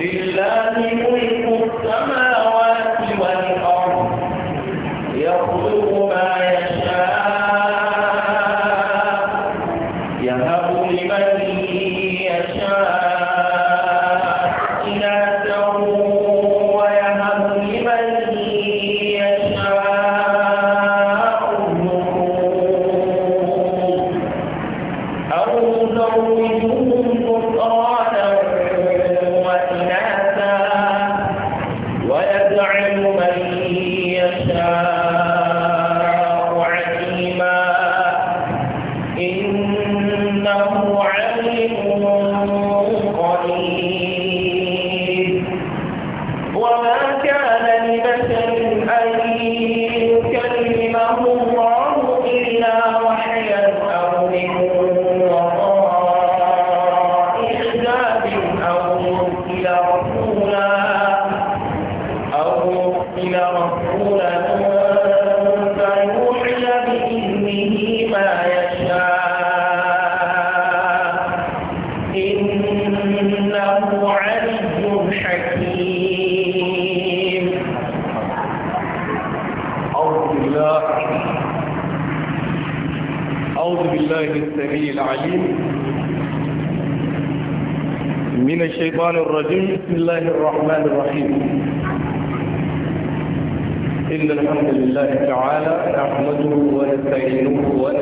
لله ملك السماوات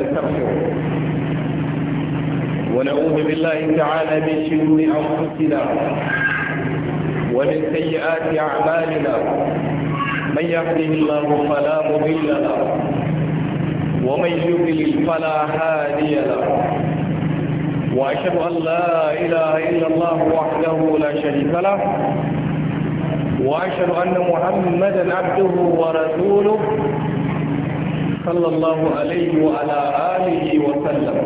ونستغفره ونعوذ بالله تعالى من شرور أنفسنا ومن سيئات أعمالنا من يهده الله فلا مضل له ومن يضلل فلا هادي له وأشهد أن لا إله إلا الله وحده لا شريك له وأشهد أن محمدا عبده ورسوله صلى الله عليه وعلى آله وسلم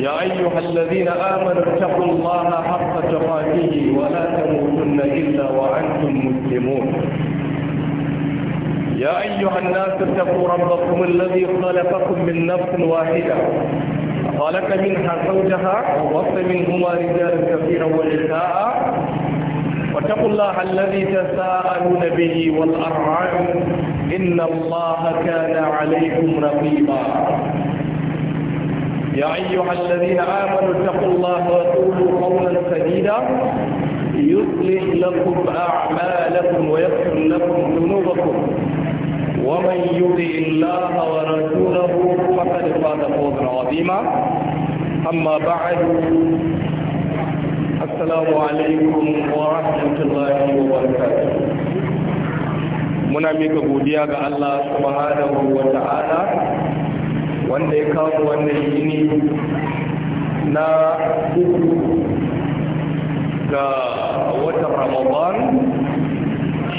يا أيها الذين آمنوا اتقوا الله حق تقاته ولا تموتن إلا وأنتم مسلمون يا أيها الناس اتقوا ربكم الذي خلقكم من نفس واحدة خلق منها زوجها ووصى منهما رجالا كثيرا ونساء واتقوا الله الذي تساءلون به والأرعام إن الله كان عليكم رقيبا يا أيها الذين آمنوا اتقوا الله وقولوا قولا سديدا يصلح لكم أعمالكم ويغفر لكم ذنوبكم ومن يطع الله ورسوله فقد فاز فوزا عظيما أما بعد alaikum wa rahmatullahi wa وبركاته muna mika godiya ga Allah subhanahu wa ta'ala wanda ya kawo wannan yini na uku ga watan Ramadan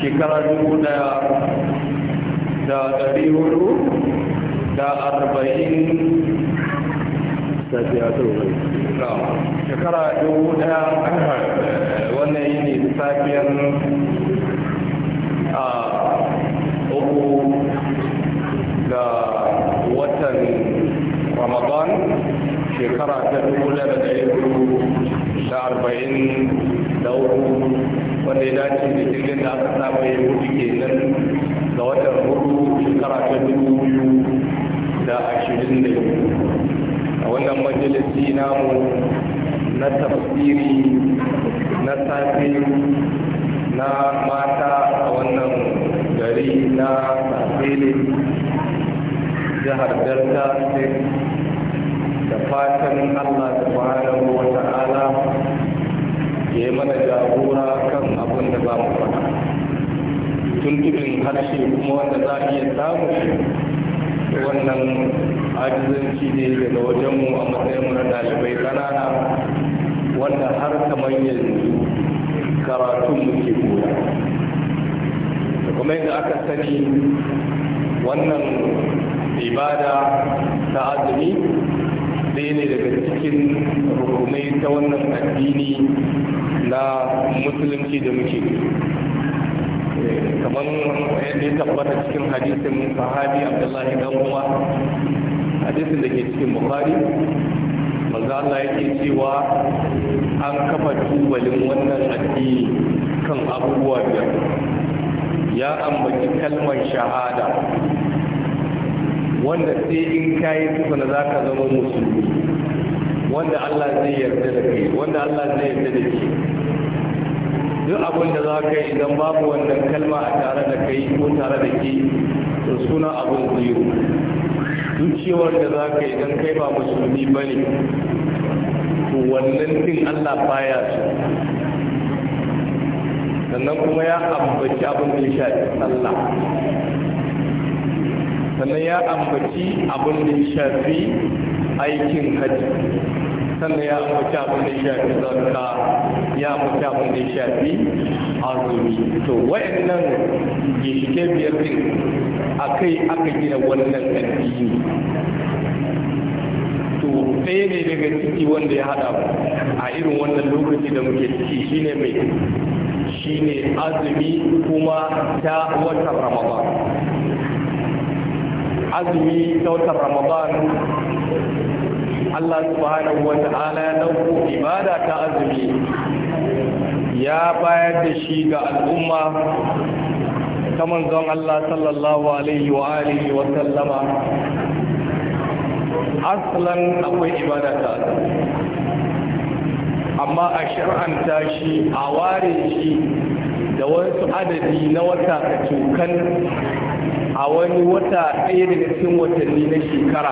shekara dubu da ɗari hudu da arba'in safiya ta wani shekara dubu daya eh, wannan yi ne safiyan a ah, uku ga watan ramadan shekara ta dubu da dari da arba'in da uku wanda ya dace da jirgin da aka samu ya hudu ke nan ga watan hudu shekara ta dubu biyu da ashirin da a wannan majalisi namu na tafsiri na safe na mata a wannan gari na safele jihar delta state da fatan allah subhanahu wa ta'ala ya yi mana jagora kan abin da za mu faɗa tuntuɓin harshe kuma wanda za a iya samu wannan ajizanci ne daga wajenmu a matsayin na dalibai ƙanana wanda har kamar yanzu karatun muke koya da kuma yadda aka sani wannan ibada ta azumi ɗaya ne daga cikin rukunai ta wannan addini na musulunci da muke eh, kamar yadda ya tabbata cikin hadisin sahabi abdullahi dan uwa hadisin da ke cikin bukhari manzo Allah yake cewa an kafa tubalin wannan addini kan abubuwa biyar ya ambaci kalmar shahada wanda sai in kayi tuka na zaka zama musulmi wanda Allah zai yarda da kai wanda Allah zai yarda da ke duk abin da za ka yi idan babu wannan kalma a tare da kai ko tare da ke to suna abin zero duk cewar da za ka yi don kai ba musulmi ba ne to wannan din allah baya su sannan kuma ya ambaci abin da ya shafi sallah sannan ya ambaci abin da ya shafi aikin hajji sannan ya ambaci abin da ya shafi zarka ya ambaci abin da ya shafi azumi to wayannan gishike biyar din a kai aka gina wannan addini to ɗaya ne daga ciki wanda ya haɗa a irin wannan lokaci da muke ciki shine mai shine azumi kuma ta watan ramadan azumi ta watan ramadan Allah subhanahu wa ta'ala ya dauko ibada ta azumi ya bayar da shi ga al'umma na manzon Allah sallallahu alaihi wa alihi wa sallama aslan akwai ibadata amma a shir'anta shi a ware shi da wasu adadi na wata kacokan a wani wata ɗaya daga cikin watanni na shekara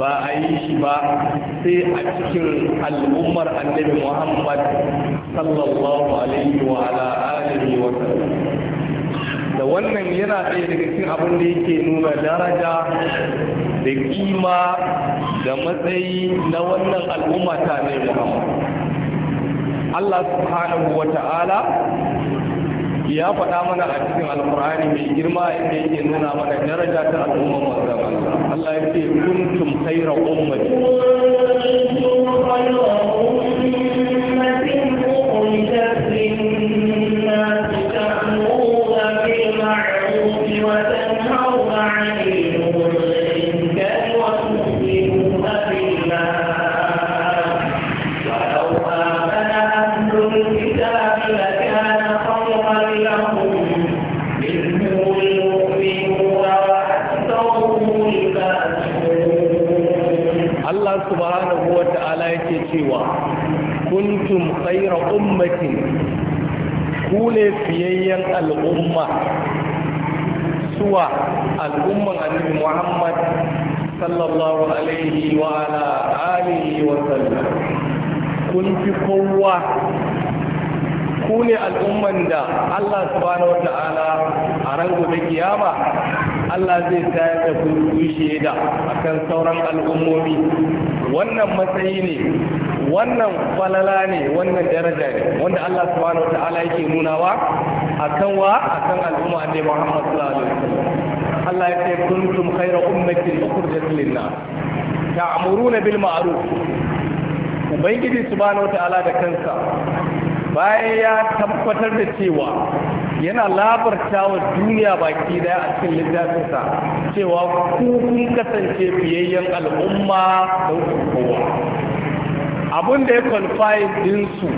ba a yi shi ba sai a cikin al'ummar annabi muhammad sallallahu alaihi wa ala alihi wa sallam da wannan yana ɗaya daga cikin abin da yake nuna daraja da kima da matsayi na wannan al'umma ta ne muhammad allah subhanahu wa ta'ala ya faɗa mana a cikin alkur'ani mai girma inda yake nuna mana daraja ta al'umma wanda Allah Allah ya ce kuntum khayra ummati ne fiyayyen al'umma suwa al'umman annabi muhammad sallallahu alaihi wa ala alihi wa sallam kun fi kowa ku ne al'umman da Allah subhanahu wa ta'ala a ran gobe kiyama Allah zai tayar da ku da akan sauran al'ummomi wannan matsayi ne wannan falala ne wannan daraja ne wanda Allah subhanahu wata'ala yake nunawa akan wa akan al'umma annabi Muhammad sallallahu alaihi wasallam Allah ya ce kuntum khayra ummatin ukhrijat lin-nas ta'muruna bil ma'ruf ubangiji subhanahu wata'ala da kansa bayan ya tabbatar da cewa yana labarta wa duniya baki daya a cikin littafinsa cewa ku kun kasance biyayyen al'umma da kowa Abin da ya confine dinsu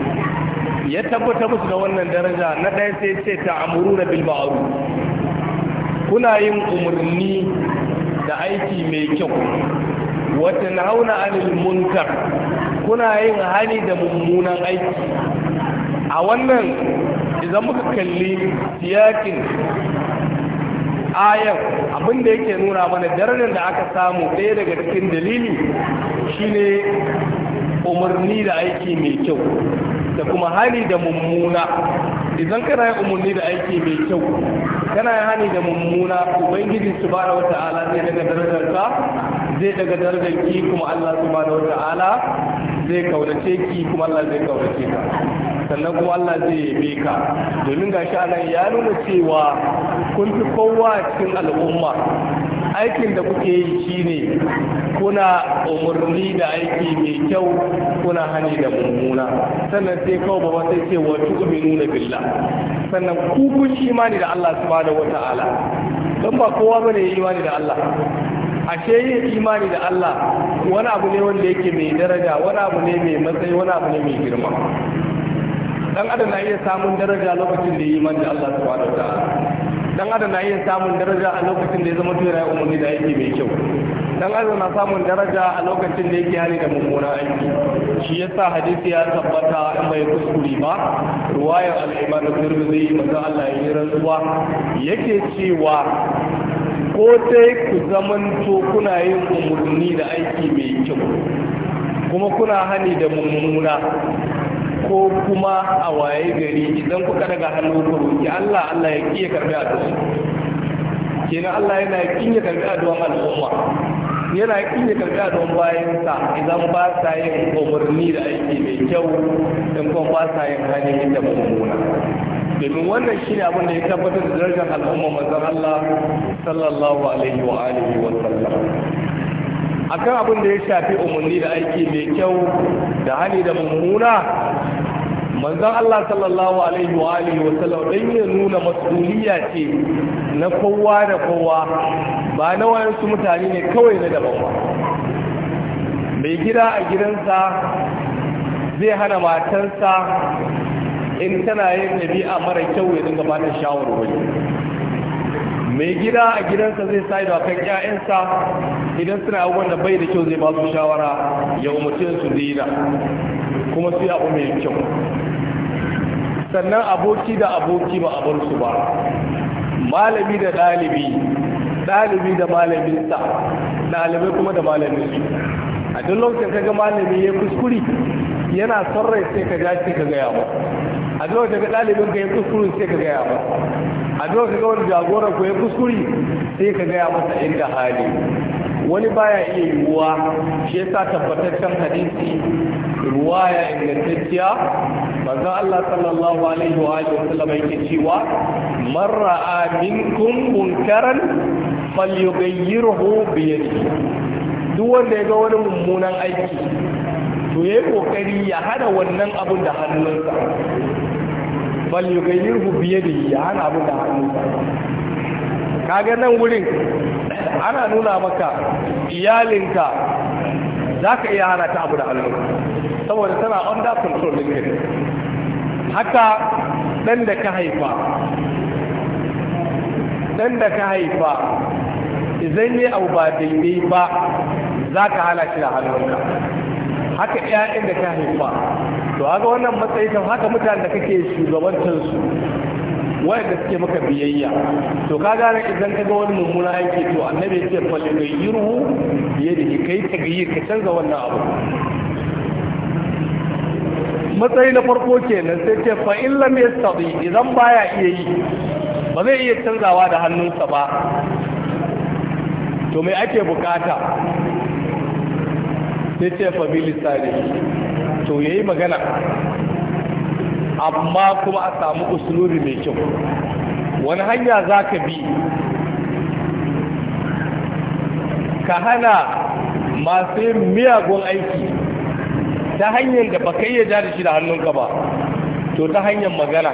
ya tabbata musu da wannan daraja na ɗaya sai ce ta amuru na bilbaru kuna yin umarni da aiki mai kyau wata nauna anil munkar kuna yin hali da mummunan aiki a wannan idan muka kalli siyakin ayan abinda yake nuna mana darajar da aka samu ɗaya daga cikin dalili shine umarni da aiki mai kyau da kuma hali da mummuna idan kana yin umarni da aiki mai kyau kana yin hali da mummuna ubangiji subhanahu wata'ala zai daga darajar ka zai daga darajar ki kuma Allah subhanahu wata'ala zai kaunace ki kuma Allah zai kaunace ka sannan kuma Allah zai yabe ka domin gashi anan ya nuna cewa kun fi kowa cikin al'umma aikin da kuke yi shine kuna umarni da aiki mai kyau kuna hani da mummuna sannan sai kawai ba sai ce wa tu'minu nuna billah sannan ku kun imani da Allah subhanahu wata'ala don ba kowa bane ya imani da Allah ashe yin imani da Allah wani abu ne wanda yake mai daraja wani abu ne mai matsayi wani abu ne mai girma dan adam na iya samun daraja lokacin da ya imani da Allah subhanahu wata'ala dan adam na iya samun daraja a lokacin da ya zama tura ya umarni da aiki mai kyau dan adam na samun daraja a lokacin da yake hali da mummuna aiki shi ya sa hadisi ya tabbata in bai kuskure ba ruwayar al-imam tirmidhi manzo Allah ya rantsuwa yake cewa ko dai ku zamanto kuna yin umarni da aiki mai kyau kuma kuna hani da mummuna ko kuma a waye gari idan kuka daga hannu ku ki Allah Allah ya kiyaye karbi addu'a kenan Allah yana kiyaye karbi addu'a al'umma yana karbi addu'a don sa idan ba sa yin umarni da aiki mai kyau dan kuma ba sa yin hanyoyin da mummuna domin wannan shi ne abin da ya tabbatar da darajar al'umma manzon Allah sallallahu alaihi wa alihi wa sallam akan abin da ya shafi umarni da aiki mai kyau da hali da mummuna manzon Allah sallallahu alaihi wa alihi wa sallam dan ya nuna mas'uliyya ce na kowa da kowa ba na wayansu mutane ne kawai na daban ba mai gida a gidansa zai hana matarsa in tana yin ɗabi'a mara kyau ya dinga ba ta shawarwari mai gida a gidansa zai sa ido kan ƴaƴansa idan suna abubuwan da bai da kyau zai ba su shawara ya umarce su daina kuma sai abu mai kyau sannan aboki da aboki ba a bar su ba malami da ɗalibi ɗalibi da malaminsa ɗalibai kuma da malaminsu a duk lokacin kaga malami ya kuskuri yana son rai sai ka shi ka gaya ba a duk lokacin ga ɗalibin ka ya kuskuri sai ka gaya ba a duk lokacin ga wani jagoran ku ya kuskuri sai ka gaya masa inda hali wani baya iya ruwa shi yasa tabbataccen hadisi ruwa ya ingantacciya manzo Allah sallallahu alaihi wa alihi wasallam yake cewa man ra'a minkum munkaran falyughayyirhu bi yadihi duk wanda ya ga wani mummunan aiki to yayi kokari ya hada wannan abun da hannunsa falyughayyirhu bi yadihi ya hana abun da hannunsa kaga nan wurin ana nuna maka iyalinka za ka iya hana ta abu da hannu saboda tana under control ɗin haka ɗan da ka haifa ɗan da ka haifa idan ne abu ba daidai ba za ka hana shi da hannunka haka ‘ya'yan da ka haifa to haka wannan matsayi haka mutane da kake shugabantarsu wayanda suke maka biyayya to ka gane idan ka ga wani mummuna aiki to annabi ya ce falle ga yiru biye da ke kai ta gayyar ka canza wannan abu matsayi na farko kenan sai ce fa in lam yastati idan baya iya yi ba zai iya canzawa da hannunsa ba to me ake bukata sai ce fa bilisani to yayi magana amma kuma a samu usuluri mai kyau wani hanya za ka bi ka hana masu yin miyagun aiki ta hanyar da baka iya ja da shi da hannunka ba to ta hanyar magana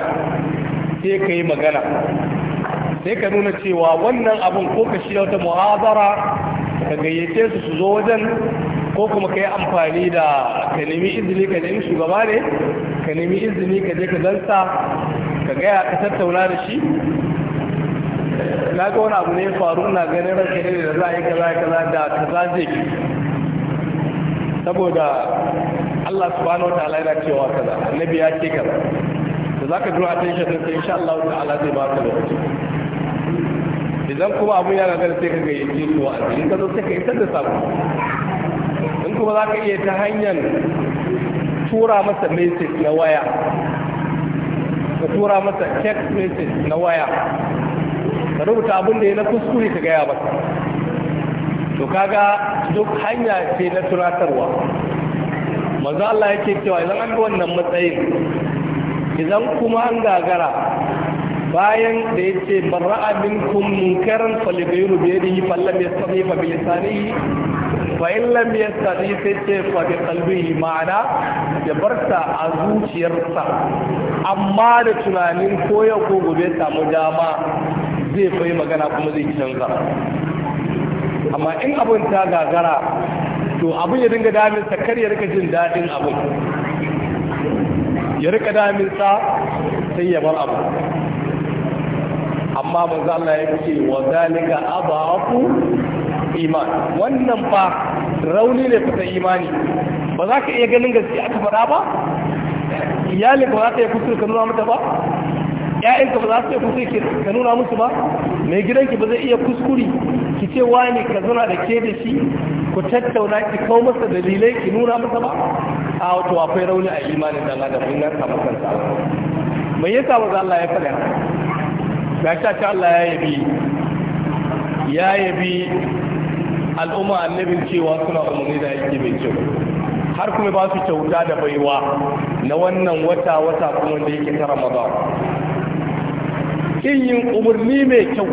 sai ka yi magana sai ka nuna cewa wannan abin ko ka shirya wata muhazara ka gayyace su su zo wajen ko kuma ka yi amfani da ka nemi izini ka nemi shugaba ne ka nemi izini ka je ka zanta ka gaya ka tattauna da shi na ga wani abu ne faru na ganin ranka ne da za a yi kaza kaza da kaza zai ki saboda Allah subhanahu wa ta'ala yana cewa kaza annabi ya ce kaza da za ka dura attention din sai insha Allah ta'ala zai ba ka lokaci idan kuma abu ya gagara sai ka gayyace su wa'azi in ka zo sai ka isar da sabu in kuma za ka iya ta hanyar tura masa message na waya ka tura masa text message na waya ka rubuta abin da ya na kuskure ka gaya masa to kaga duk hanya ce na tunatarwa manzo Allah yake cewa idan an ga wannan matsayin idan kuma an gagara bayan da ya ce barra'a minkum munkaran falibayru bi yadihi fallam yastati fa bi lisanihi fa'in lam yastati sai ce fa bi qalbihi ma'ana da barta a zuciyarsa amma da tunanin ko yau ko gobe samu dama zai fai magana kuma zai canza amma in abin ta gagara to abin ya dinga daminsa kar ya rika jin daɗin abin ya rika daminsa sai ya bar abu amma manzo Allah ya ce wa zalika abafu iman wannan ba. rauni ne kusa imani ba za ka iya ganin gaske aka faɗa ba iyalin ba za ta yi kusur ka nuna mata ba ‘ya'yanka ba za su iya kusur ka nuna musu ba mai gidanki ba zai iya kuskuri ki ce wani ka zuna da ke da shi ku tattauna ki kawo masa dalilai ki nuna masa ba a wato akwai rauni a imanin da Allah da mun nan samu mai yasa ba Allah ya faɗa ga ta ce Allah ya yabi ya yabi al'umma annabin cewa suna umarni da yake mai kyau har kuma ba su kyauta da baiwa na wannan wata wata kuma da yake ta ramadan kin yin umarni mai kyau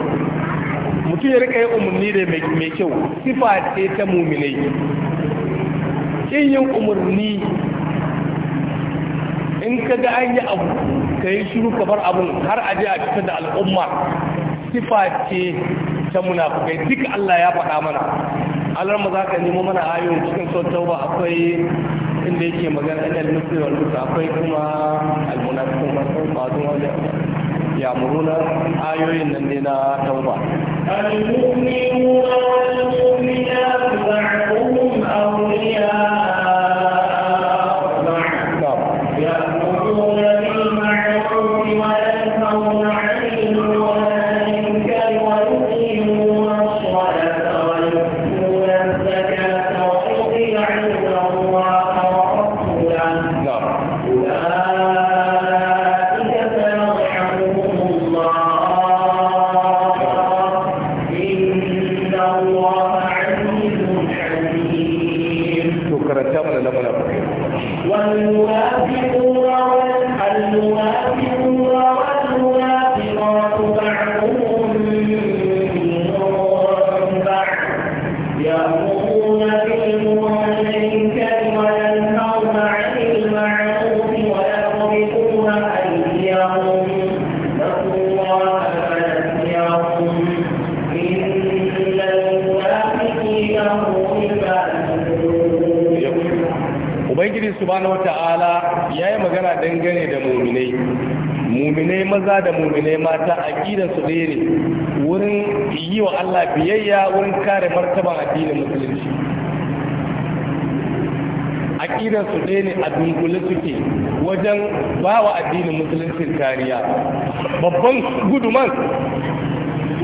mutum ya rika yin umarni da mai kyau sifa ce ta muminai kin yin umarni in ka ga an yi abu ka yi shiru ka bar abun har a je a fitar da al'umma sifa ce ta munafukai duk Allah ya faɗa mana alar mu zaka nemo mana ayoyin cikin sun tauba akwai inda yake magana ɗan al-muslim wal akwai kuma al-munafiqun wa wani wa ya muruna ayoyin nan ne na tauba al-mu'minuna wal mu'minatu ba'dhum awliya da muminai mata aqidan su ɗaya ne wurin yi wa Allah biyayya wurin kare martaban addinin musulunci aqidan su ne a dunkule suke wajen ba wa addinin musulunci kariya babban guduman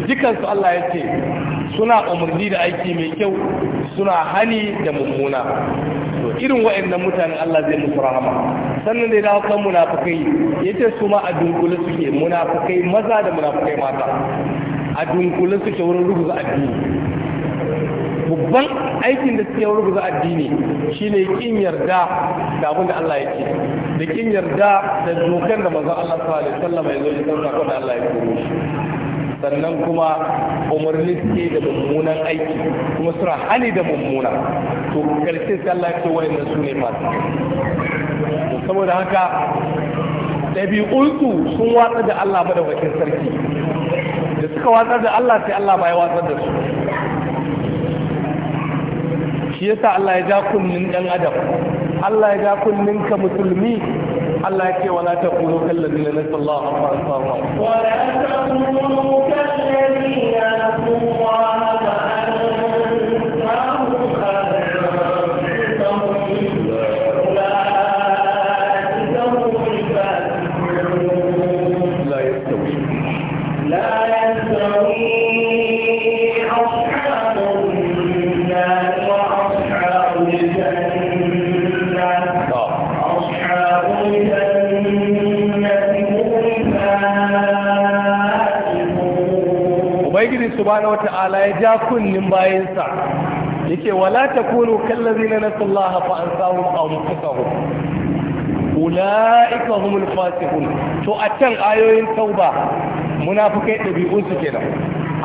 dukansu Allah ya ce suna umarni da aiki mai kyau suna hani da mummuna irin waɗannan mutanen Allah zai musu rahama sannan da dawo kan munafukai yace su ma a dunkule suke munafukai maza da munafukai mata a dunkule suke wurin rubuta addini babban aikin da suke rubuta addini shine kin yarda da abin da Allah ya ce da kin yarda da dokar da manzon Allah sallallahu alaihi wasallam ya zo ya sauka da Allah ya koro shi sannan kuma umarni suke da mummunan aiki kuma suna hali da mummuna to karshe sai Allah ya ce nan su ne fasu saboda haka ɗabi'unsu sun watsar da Allah da madaukakin sarki da suka watsar da Allah sai Allah ba ya watsar da su shi yasa Allah ya ja kunnin ɗan adam Allah ya ja kunnin ka musulmi الله يكفي ولا تقولوا كالذين نسوا الله ولا تقولوا كالذين نسوا الله ubangiji wata wata'ala ya ja kunnin bayansa yake wala takunu kallazina nasallaha fa ansahum Wula ula'ika humul fasihun to a can ayoyin tauba munafikai dabi'un su kenan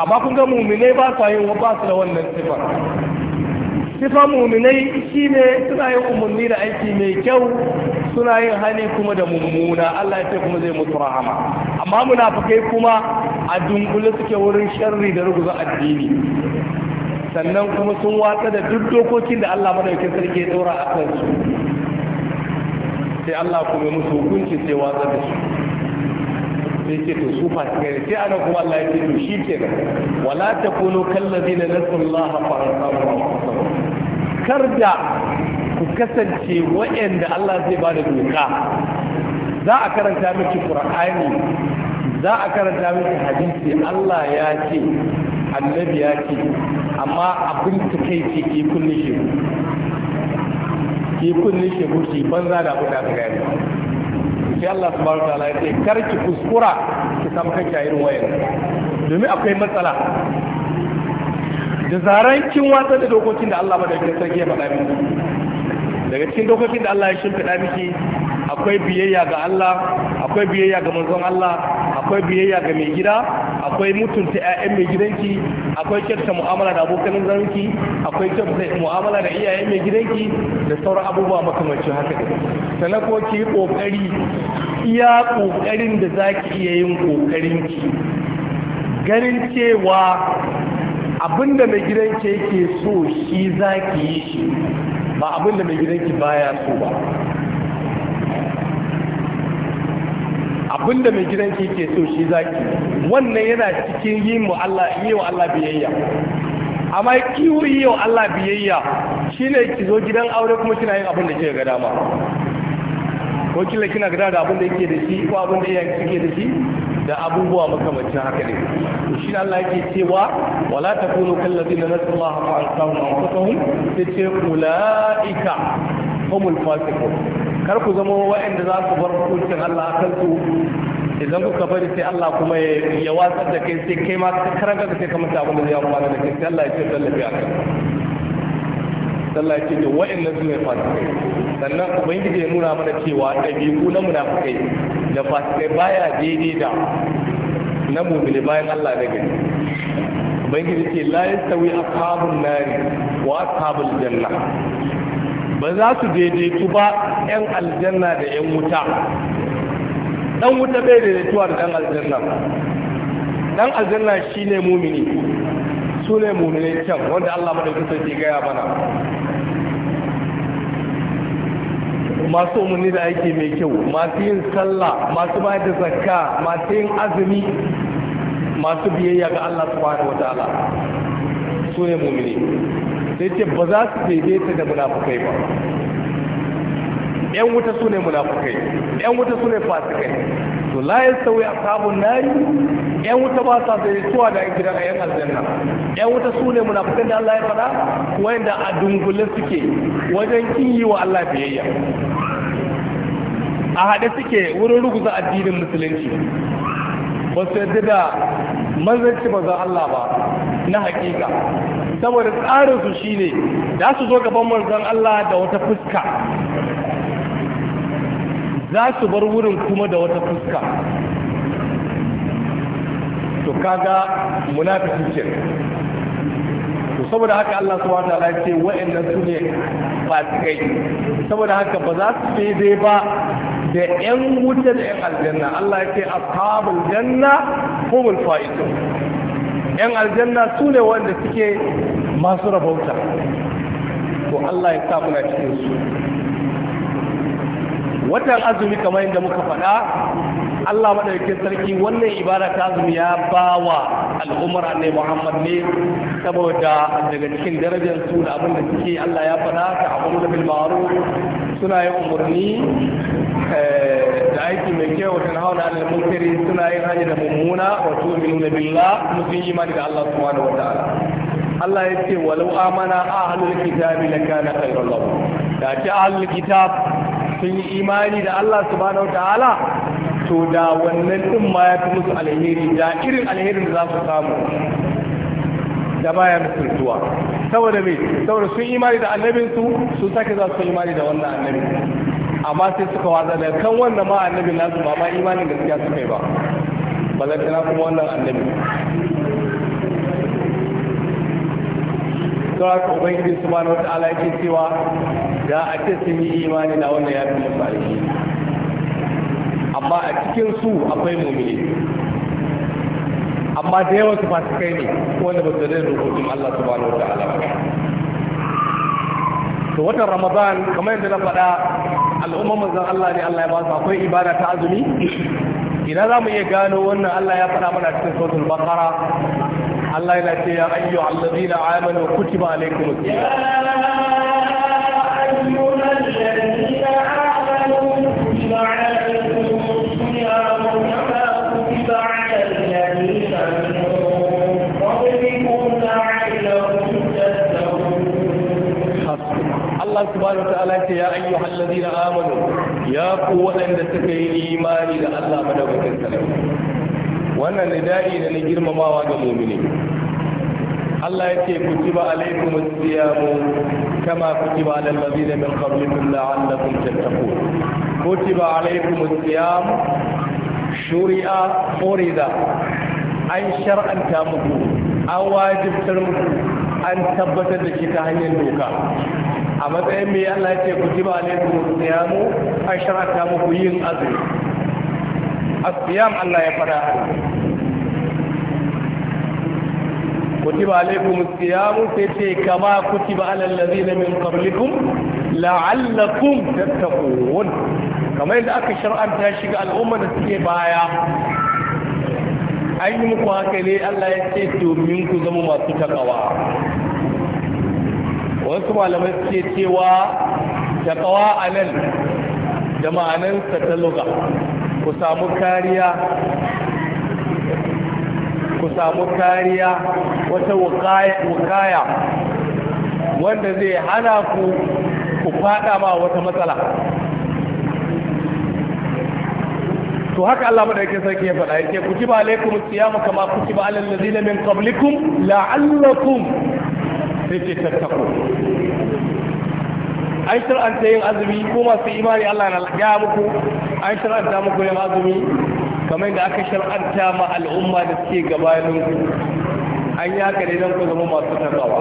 amma kun ga mu'minai ba sa yin ba su da wannan sifar sifa mu'minai shine suna yin umarni da aiki mai kyau suna yin hani kuma da mummuna Allah ya ce kuma zai mutu rahama amma munafukai kuma a dunkule suke wurin sharri da rugu addini sannan kuma sun watsa da duk dokokin da Allah madaukakin sarki ya daura a su sai Allah kuma musu hukunci sai watsa da su sai ce to su fasikai sai ana kuma Allah ya ce to shi ke wala takunu kallazina nasullaha fa asabu kar da ku kasance wa'anda Allah zai ba da doka za a karanta miki Qur'ani za a karanta miki hadisi Allah ya ce annabi ya ce amma abin kai ce ke kunne shi ke kunne shi gushi banza da abin da aka gani sai Allah subhanahu wataala ya ce kar ki kuskura ki san kai a irin wayar domin akwai matsala da zaran kin watsar da dokokin da Allah madaukakin sarki ya faɗa miki daga cikin dokokin da Allah ya shimfiɗa miki akwai biyayya ga Allah akwai biyayya ga manzon Allah akwai biyayya ga mai gida akwai mutunta 'ya'yan mai gidanki akwai kyauta mu'amala da abokan zamanki akwai kyauta mu'amala da iyayen mai gidanki da sauran abubuwa makamancin haka sannan ko ki kokari iya kokarin da zaki iya yin kokarin ki ganin cewa abinda mai gidanki yake so shi zaki yi shi ba abin da mai gidanki baya so ba abin da mai gidanki ke so shi zaki wannan yana cikin yi wa Allah biyayya amma kiwo yi wa Allah biyayya shine ki zo gidan aure kuma kina yin abin da ke ga dama ko kila kina gada da abin da yake da shi ko abin da yake da shi da abubuwa makamancin haka ne shi da Allah yake cewa wala takunu kallazina nasallaha fa ansahum anfusahum tace ulaika humul fasiqun kar ku zama wa'anda za ku bar hukuncin Allah akan su idan kuka bari sai Allah kuma ya watsar da kai sai kai ma ka karanta da sai ka mata abin da ya amfana da kai sai Allah ya ce tallafi a kan Allah ya ce da waɗannan su ne fasikai sannan ubangiji ya nuna mana cewa ɗabi'u na munafikai Da fasike baya daidai da na mumini bayan Allah da gani bangiji ce la yastawi ashabun nari wa ashabul janna ba za su daidai daidaitu ba yan aljanna da yan wuta dan wuta bai daidaituwa da dan aljanna dan aljanna shine mumini su ne mumini can wanda Allah madaukakin sarki gaya mana masu umarni da aiki mai kyau masu yin sallah masu bayar da zakka masu yin azumi masu biyayya ga Allah subhanahu ta'ala su ne mumini sai ce ba za su daidaita da munafukai ba ɗan wuta su ne munafukai ɗan wuta su ne fasikai to la a sabon nari ɗan wuta ba sa zai suwa da gidan a yan aljanna ɗan wuta su ne munafukai da Allah ya faɗa wanda a dungule suke wajen kin yi wa Allah biyayya a haɗe suke wurin ruguza addinin musulunci ba su yadda da manzanci ba Allah ba na hakika saboda tsarin su shine da su zo gaban manzan Allah da wata fuska za su bar wurin kuma da wata fuska to kaga munafiki ce to saboda haka Allah subhanahu wa ta'ala ce wa'annan su ne fasikai saboda haka ba za su dai ba da yan wuta da yan aljanna Allah ya ce ashabul janna humul faizun yan aljanna su ne wanda suke masu rabauta to Allah ya sa muna cikin su watan azumi kamar yadda muka faɗa Allah madaukakin sarki wannan ibada ta azumi ya bawa al'ummar annabi Muhammad ne saboda daga cikin darajar su da abin da suke Allah ya faɗa ta amuru bil ma'ruf suna yin umarni eh, da aiki mai kyau wata na hauna da munkari suna yin hanyar da mummuna wato tu'minuna billah mutum imani da Allah subhanahu wa Allah ya ce walau amana ahlul kitabi lakana khairan lahum da ta ahlul kitab sun yi imani da Allah subhanahu ala? to da wannan din ma ya fi musu alheri da irin alherin da za su samu da baya mutuntuwa saboda me saboda sun imani da annabinsu sun sake za su imani da wannan annabi amma sai suka waza da kan wannan ma annabin nasu ba ma imanin gaskiya suka yi ba balantana kuma wannan annabi sauran ka ubangiji su mana wata ala yake cewa da a ce sun yi imani na wannan ya fi musu amma a cikin su akwai mumini amma da yawan su kai ne wanda ba su da rubutun Allah subhanahu wa ta'ala ba to watan ramadan kamar yadda na faɗa al'ummar manzon Allah ne Allah ya ba su akwai ibada ta azumi idan za mu iya gano wannan Allah ya faɗa mana cikin sautul bakara الله إذا يا أيها الذين آمنوا كتب عليكم الصيام يا أيها الذين آمنوا كتب عليكم الصيام الله سبحانه وتعالى يا أيها الذين آمنوا يا قوة عند تكين إيماني لأن الله مدى وكسلم وأنا ندائي لنجر مما واجه مؤمنين Allah yake kutiba alaikum as-siyam kama kutiba ala alladhina min qablikum la'allakum tattaqun kutiba alaikum as-siyam shuri'a urida an shar'anta muku an wajibtar muku an tabbatar da shi ta hanyar doka a matsayin mai Allah ce ku ji ba ne ku siyamu an ta muku yin azumi asiyam Allah ya fara hannu kutiba alaikum siyamu sai ce kama kutiba alal ladina min qablikum la'allakum tattaqun kamar yadda aka shar'anta shi ga al'umma da suke baya an yi muku haka ne Allah ya ce domin ku zama masu takawa wasu malamai suke cewa takawa a nan da ma'anarsa ta luga ku samu kariya samu kariya wata wukaya wanda zai hana ku ku fada ma wata matsala to haka Allah madaukakin sarki ya faɗa yake kutiba alaikum siyama kama kutiba alal ladina min qablikum la'allakum sai tattaku an shar'anta yin azumi ko masu imani Allah na ya muku an ta muku yin azumi kamar da aka shar'anta ma al'umma da suke gabanin an yi haka ne don ku zama masu takawa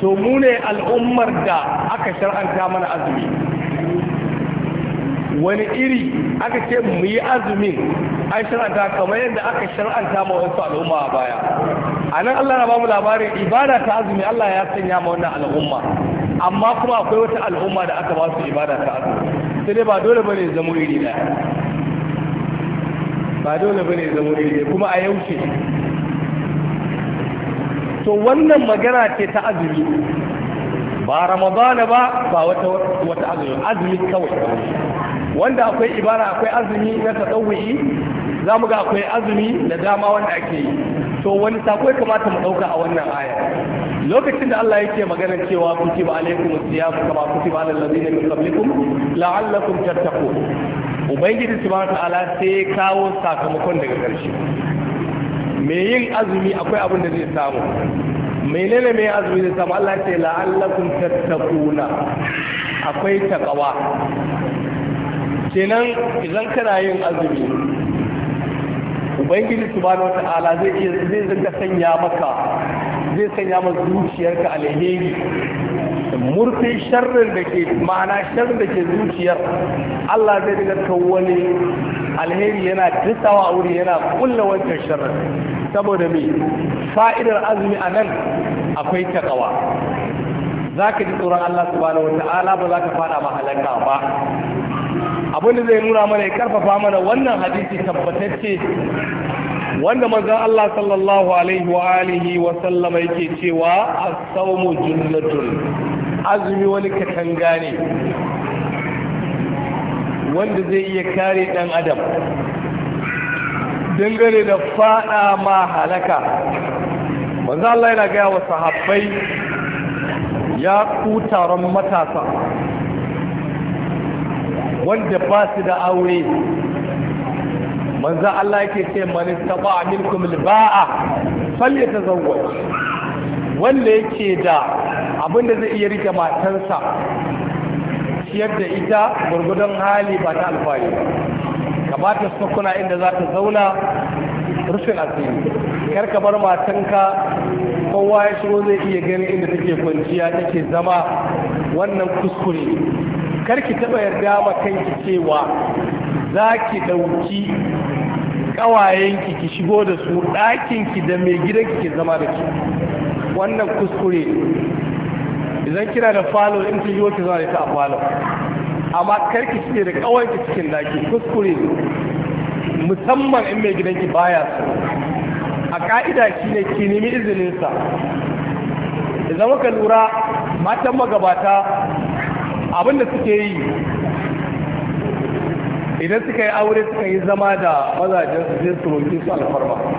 to mu ne al'ummar da aka shar'anta mana azumi wani iri aka ce mu yi azumin an shar'anta kamar yadda aka shar'anta ma wasu al'umma a baya a nan allah na ba mu labarin ibada ta azumi allah ya sanya ma wannan al'umma amma kuma akwai wata al'umma da aka ba su ibada ta azumi sai dai ba dole bane zamo iri daya. ba dole bane ya zama daidai kuma a yaushe to wannan magana ce ta azumi ba ramadana ba ba wata wata azumi azumi kawai wanda akwai ibara akwai azumi na tadawwi za mu ga akwai azumi da dama wanda ake yi to wani sako kamata mu dauka a wannan aya lokacin da Allah yake magana cewa kutiba alaikum siyam kama kutiba alal ladina min qablikum la'allakum tattaqun ubangiji subhanahu ta'ala sai ya kawo sakamakon daga ƙarshe me yin azumi akwai abin da zai samu menene mai azumi zai samu Allah ce la'allakum tattaquna akwai taqwa kenan idan kana yin azumi ubangiji subhanahu ta'ala zai zai sanya maka zai sanya maka zuciyarka alheri murfin sharrin da ke ma'ana sharrin da ke zuciyar Allah zai daga wani alheri yana tisawa a wuri yana kulla wancan sharrin saboda me fa'idar azumi a nan akwai takawa za ka ji tsoron Allah subhanahu wa ta'ala ba za ka fada ma halaka ba abin da zai nuna mana ya karfafa mana wannan hadisi tabbatacce wanda manzon Allah sallallahu alaihi wa alihi wa sallama yake cewa as-sawmu junnatun azumi wani katanga ne wanda zai iya kare ɗan adam dangane da fada ma halaka manzo Allah yana gaya wa sahabbai ya ku taron matasa wanda ba su da aure manzo Allah yake ce man istaba minkum albaa falyatazawwaj wanda yake da da zai iya rike matansa ciyar da ita gurgudun hali ba ta alfahari ka ba ta sukuna inda za ta zauna rufin asiri kar ka bar matanka kowa ya shigo zai iya gani inda take kwanciya take zama wannan kuskure kar ki taɓa yarda ma kanki cewa za ki ɗauki ƙawayenki ki shigo da su ɗakinki da mai gidanki ke zama da ki wannan kuskure idan kina da falo in ki yoki da ta a falo amma kar ki da kawai ki cikin daki kuskure musamman in mai gidanki baya so a ka'ida shi ne ki nemi izinin sa idan muka lura matan magabata abinda suke yi idan suka yi aure suka yi zama da mazajen su je su roƙi su alfarma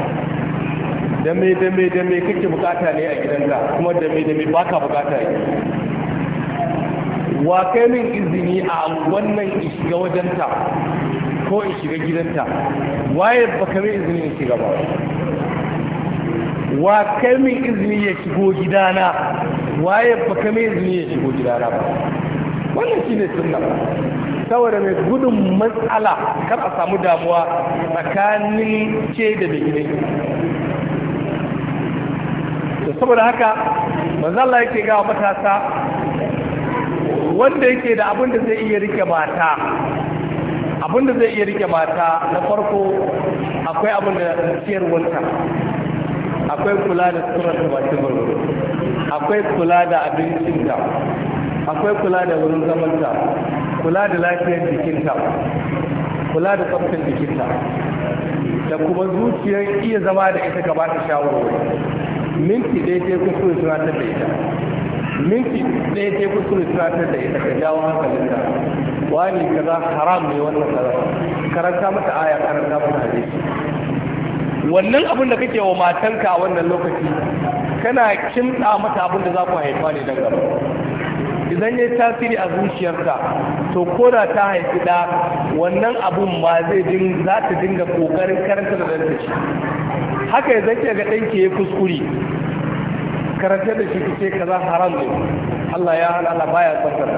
da me da me da kake bukata ne a gidanka kuma da me da me baka bukata ne wa kai min izini a wannan in shiga wajenta ko in shiga gidanta waye baka min izini in shiga ba wa kai min izini ya shigo gidana waye baka min izini ya shigo gidana ba wannan shine sunna saboda mai gudun matsala kar a samu damuwa tsakanin ce da mai gidanki saboda haka manzo yake gawa matasa wanda yake da abin da zai iya rike mata abin da zai iya rike mata na farko akwai abin da wanta akwai kula da tsoron da ba akwai kula da abincinta akwai kula da wurin zamanta kula da lafiyar jikinta kula da tsaftar jikinta da kuma zuciyar iya zama da ita gaba da shawarwari minti ɗaya ta kuskure suna da ita minti ɗaya ta kuskure tunatar da ita ka jawo ka wani kaza haram ne wannan kaza karanta mata aya karanta mata hadisi wannan abin da kake wa matanka a wannan lokaci kana kimɗa mata abin da za ku haifa ne daga gaba idan ya tasiri a zuciyarta to ko da ta haifi da wannan abun ma zai za ta dinga kokarin karanta da danta shi haka ya zaki ga ɗanki ya kuskuri karanta da shi kace kaza haram ne Allah ya halala baya tsakar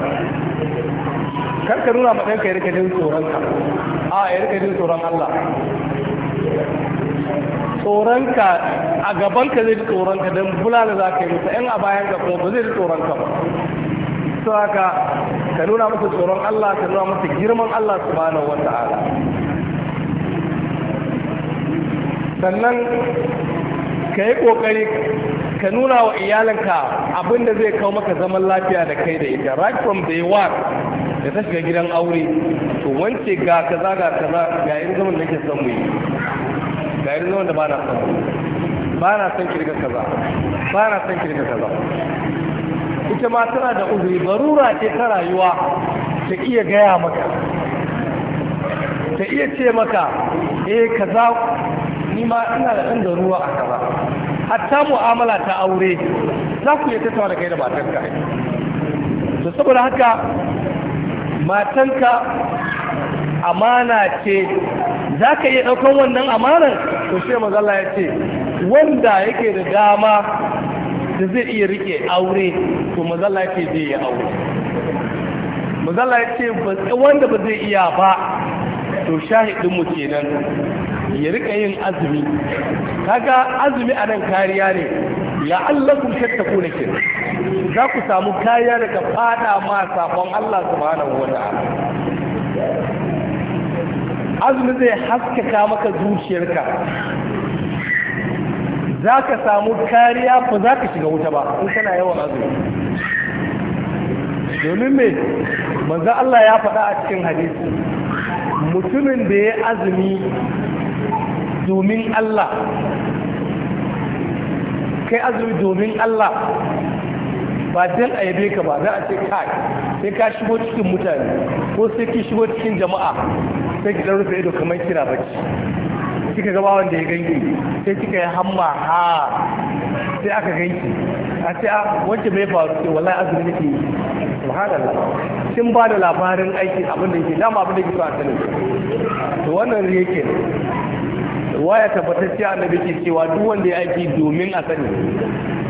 ka nuna ma ɗanka ya rika jin tsoron ka a ya rika jin tsoron Allah tsoron ka a gaban ka zai ji tsoron ka don bulala za ka yi masa yan a bayan ka kuma ba zai ji tsoron ka ba haka ka nuna masa tsoron Allah ka nuna masa girman Allah subhanahu wata'ala sannan ka yi ƙoƙari ka nuna wa iyalinka abin da zai kawo maka zaman lafiya da kai da ita right from day one da ta shiga gidan aure to wance ga kaza ga kaza ga yin zaman da ke son mu yi ga yin zaman da ba na son ba na son kirga kaza ba na son kirga kaza ita ma tana da uzuri barura ce ta rayuwa ta iya gaya maka ta iya ce maka eh kaza ni ma ina da ɗan ruwa a kaza hatta mu'amala ta aure za ku iya tattawa da kai da matanka to saboda haka matanka amana ce za ka iya ɗaukan wannan amanar to sai mazalla ya ce wanda yake da dama da zai iya rike aure to mazalla ce zai yi aure Mazalla ya ce wanda ba zai iya ba to shahidinmu kenan ya rika yin azumi kaga azumi a nan kariya ne la'allakum tattakuna ke za ku samu kariya daga fada ma sabon Allah subhanahu wa ta'ala azumi zai haskaka maka zuciyarka za ka samu kariya ba za ka shiga wuta ba in kana yawan azumi domin me manzo Allah ya faɗa a cikin hadisi mutumin da ya azumi domin Allah kai azumi domin Allah ba dan a yabe ka ba za a ce kai sai ka shigo cikin mutane ko sai ki shigo cikin jama'a sai ki rufe ido kamar kira bacci kika ga wanda ya ganki sai kika yi hamma ha sai aka ganki a ce a ah, wanke bai faru ce wallahi azumi nake yi subhanallah kin ba da labarin aikin abin da yake dama abin da yake so a sanin to wannan yake ruwaya a annabi ke cewa duk wanda ya aiki domin a sani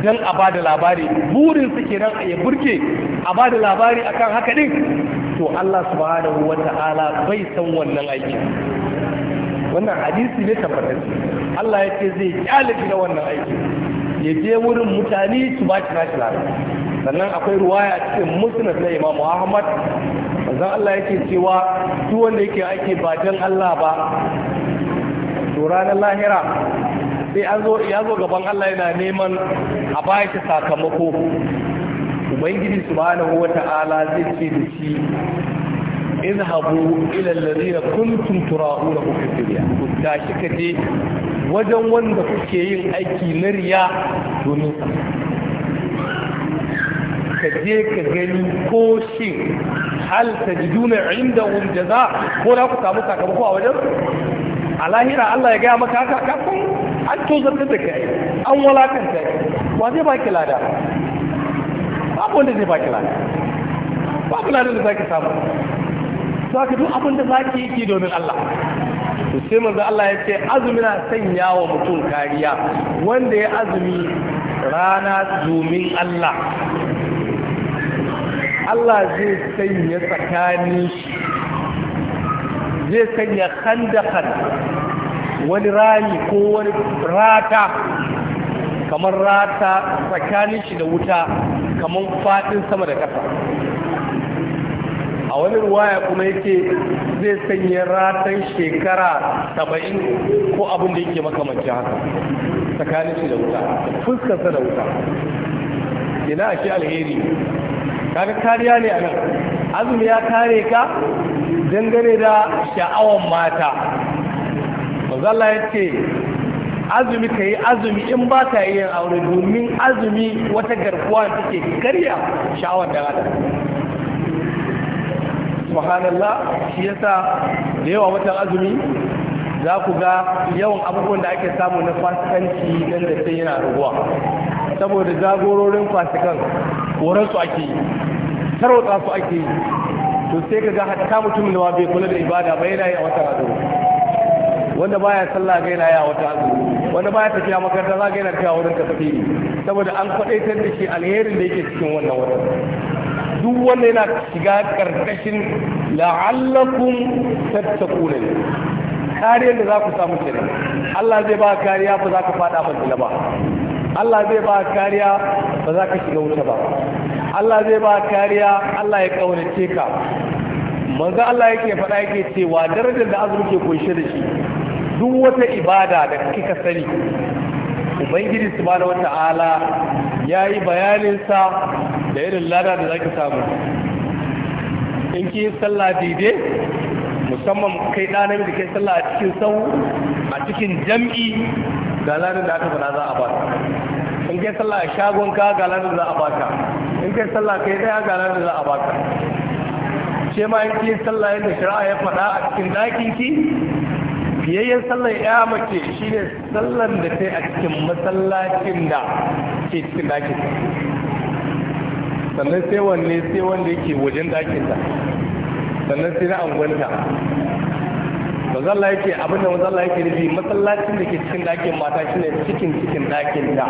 dan a bada labari burin su kenan ya burke a bada labari akan haka din to Allah subhanahu wata'ala bai san wannan aiki wannan hadisi ne tabbatacce Allah ya ce zai kyalaci da wannan aiki ya je wurin mutane su ba shi nashi labari sannan akwai ruwaya cikin musnad na Imam Ahmad manzon Allah yake cewa duk wanda yake aiki ba dan Allah ba to ranar lahira sai an zo ya zo gaban Allah yana neman a bashi sakamako ubangiji subhanahu wata'ala zai ce da shi izhabu ila alladhina kuntum tura'una fi dunya da kika je wajen wanda kuke yin aiki na riya domin ka je ka gani ko shi hal tajiduna inda jaza ko na ku samu sakamako a wajen a lahira Allah ya gaya maka haka kafin an tozarta da kai an walakanta wa zai baki lada babu wanda zai baki lada babu lada da zaki samu za ka duk abin da zaki yi domin Allah to sai manzo Allah ya ce azumi na sanya wa mutum kariya wanda ya azumi rana domin Allah Allah zai sanya tsakanin shi zai sanya khandakan wani rami ko wani rata kamar rata tsakanin shi da wuta kamar faɗin sama da ƙasa a wani ruwaya kuma yake zai sanya ratan shekara saba'in ko abin da yake makamancin haka tsakanin shi da wuta fuskarsa da wuta ina a shi alheri kaga kariya ne a nan azumi ya kare ka dangane da sha'awan mata zalla ya ce azumi ka yi azumi in ba ka yi aure domin azumi wata garkuwa ke karya sha'awar da adam subhanallah shi yasa da yawa watan azumi za ku ga yawan abubuwan da ake samu na fasikanci nan da sai yana raguwa saboda jagororin fasikan koran su ake yi tarwatsa su ake yi to sai ka ga hatta mutum da bai kula da ibada ba yana yi a watan azumi wanda baya sallah ga yana ya wata azumi wanda baya tafiya makaranta za ga yana tafiya wurin tafi saboda an kwadaitar da shi alherin da yake cikin wannan wurin duk wanda yana shiga karkashin la'allakum tattaquna kariyar da za ku samu kenan Allah zai ba kariya ba za ka fada ba ba Allah zai ba kariya ba za ka shiga wuta ba Allah zai ba kariya Allah ya kaunace ka manzo Allah yake faɗa yake cewa darajar da azumi ke kunshe da shi duk wata ibada da kika sani ubangiji subhanahu ala yayi bayanin sa da irin lada da zaki samu in ki sallah daidai musamman kai da da kai sallah a cikin sau a cikin jam'i ga ladan da aka fara za a baka in kai sallah a shagon ka ga ladan za a baka in kai sallah kai ɗaya ga ladan za a baka ce ma in ki sallah yadda shari'a ya faɗa a cikin ɗakin ki biyayyen sallar ya mace ne sallar da ta a cikin masallacin da ke cikin ta sannan sai wanne sai wanda yake wajen dakin ta sannan sai na angwanta mazalla yake abinda mazalla yake nufi masallacin da ke cikin ɗakin mata shine cikin cikin dakin da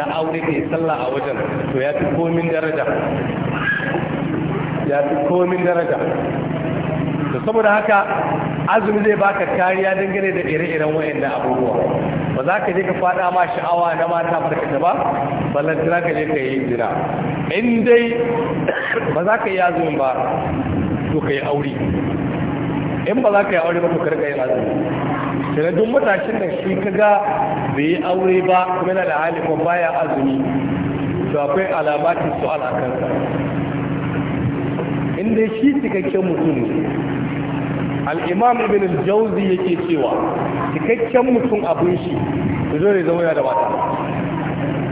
na aure ke sallah a wajen to ya fi komin daraja ya fi komin daraja to saboda haka azumi zai baka kariya dangane da ire-iren wayannan abubuwa ba za ka je ka fada ma sha'awa na mata barkata ba jira ka je ka yi jira. in dai ba za ka yi azumin ba to ka yi aure in ba za ka yi aure ba to ka karka yi azumi sai duk matashin da shi kaga bai yi aure ba kuma yana da hali ko baya azumi to akwai alamatin su'al a kansa in dai shi cikakken mutum al'imam ibn al-jauzi yake cewa cikakken mutum abin shi da zo ne zama da mata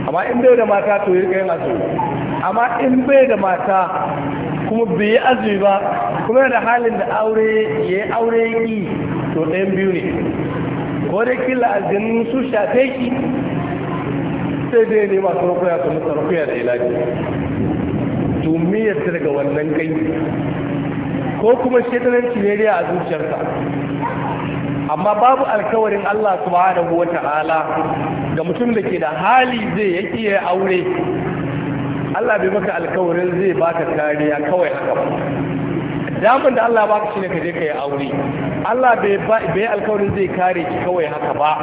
amma in bai da mata to yi kayan azumi amma in bai da mata kuma bai yi azumi ba kuma da halin da aure ya yi aure yi to ɗayan biyu ne ko da kila aljinin su shafe ki sai dai ne masu rukuya su mutu rukuya da ilaji to me daga wannan kai. ko kuma shaidananci ne a zuciyarsa amma babu alkawarin Allah subhanahu wa ta'ala ga mutum da ke da hali zai ya iya aure Allah bai maka alkawarin zai baka kariya kawai haka daman da Allah baka shine ka je ka yi aure Allah bai alƙawarin zai kare ki kawai haka ba